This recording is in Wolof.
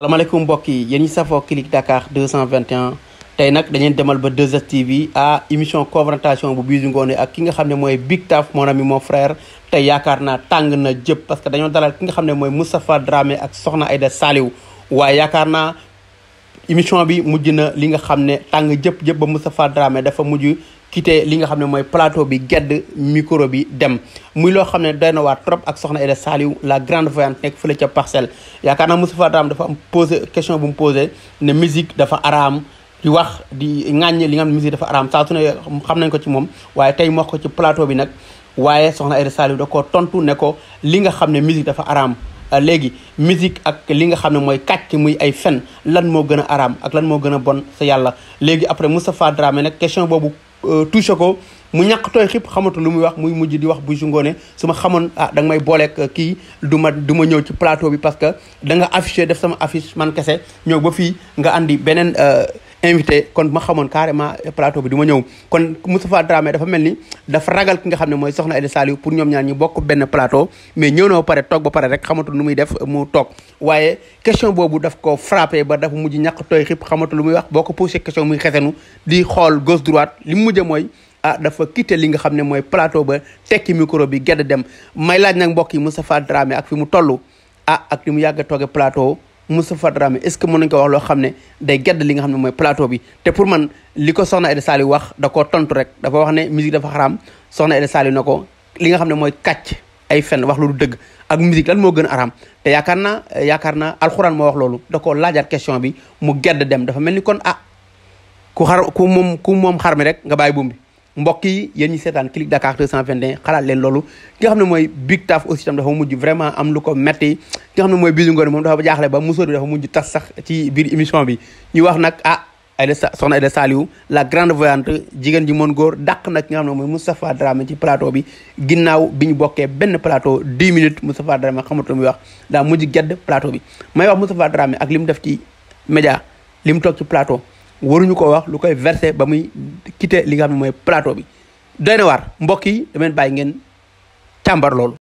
salaamaaleykum mbokk yi yéen ñi safoo Click Dakar 221 tey nag dañu leen demal ba 2STV à émission confrontation bu Bijou Ngoné ak ki nga xam ne mooy Big Taf mon ami mon frère tey yaakaar naa tàng na jëpp parce que dañoo dalal ki nga xam ne mooy Moustapha Dramé ak Soxna ay Aïda Saliou waaye yaakaar naa émission bi mujj na li nga xam ne tàng jëpp jëpp ba Moustapha Dramé dafa mujj quitté li nga xam ne mooy plateau bi gedd micro bi dem muy loo xam ne doy na waa trop ak soxna Aida Saliou la grande voyante nekk fële ca parcelle yaakaar naa Moustapha Dame dafa am posé question bu mu ne musique dafa araam di wax di ŋàññe li nga xam ne dafa araam saa xam nañ ko ci moom waaye tey moo ko ci plateau bi nag waaye soxna Aida Saliou da ko tontu ne ko li nga xam ne musique dafa araam euh, léegi musique ak li nga xam ne mooy kàcc muy ay fen lan moo gën a araam ak lan moo gën a bon sa yàlla léegi après Moustapha Dramé nag question boobu Euh, touché ko mu ñàkk tooy xib xamatu lu muy wax muy mujj di wax bu ngoone su ma xamoon ah da nga may booleeg euh, kii du duma ñëw ci plateau bi parce que da nga affiché def sama affiche man kese ñëw ba fii nga andi beneen euh, invité kon ma xamoon carrément plateau bi du ma ñëw kon Moustapha Dramé dafa mel ni dafa ragal ki nga xam ne mooy soxna Aida Saliou pour ñoom ñaar ñu bokk benn plateau mais ñëw na ba pare toog ba pare xamatul nu muy def mu toog waaye question boobu daf ko frappé ba dafa mujj ñàkk tooy xib xamatul lu muy wax boo ko posé question muy xesenu di xool gauche droite li mu mujj mooy ah dafa quitté li nga xam ne mooy plateau ba tekki micro bi gedd dem may laaj nag mbokk yi Moustapha Dramé ak fi mu tollu ah ak li mu yàgg a tooge plateau Moustapha Dramé est ce que mën nañu ko wax loo xam ne day gedd li nga xam ne mooy plateau bi te pour man li ko Soxna Aida Saliou wax da koo tontu rek dafa wax ne musique dafa xaraam Soxna Aida Saliou na ko li nga xam ne mooy kàcc ay fen wax lu dëgg ak musique lan moo gën a araam te yaakaar na yaakaar naa alxuraan moo wax loolu da koo laajaat question bi mu gedd dem dafa mel ni kon ah ku xar ku moom ku moom xar mi rek nga bàyyi buum bi mbokk yi yéen ñi seetaan Click Dakar 221 xalaat leen loolu ki nga xam ne mooy Big Taf aussi tam dafa mujj vraiment am lu ko metti ki nga xam ne mooy Bijou Ngoné moom dafa jaaxle ba musóor bi dafa mujj tas sax ci biir émission bi ñu wax nag ah Aïda soxna Aïda la grande voyante jigéen ji mën góor dàq nag ki nga mooy Moustapha Dramé ci plateau bi ginnaaw bi ñu bokkee benn plateau 10 minutes Moustapha Dramé xamatul muy wax daa mujj gedd plateau bi may wax Moustapha Dramé ak li mu def ci média li mu toog ci plateau waruñu ko wax lu koy versé ba muy quitté li nga xam mooy plateau bi doy na waar mbokk yi dameen bàyyi ngeen càmbar loolu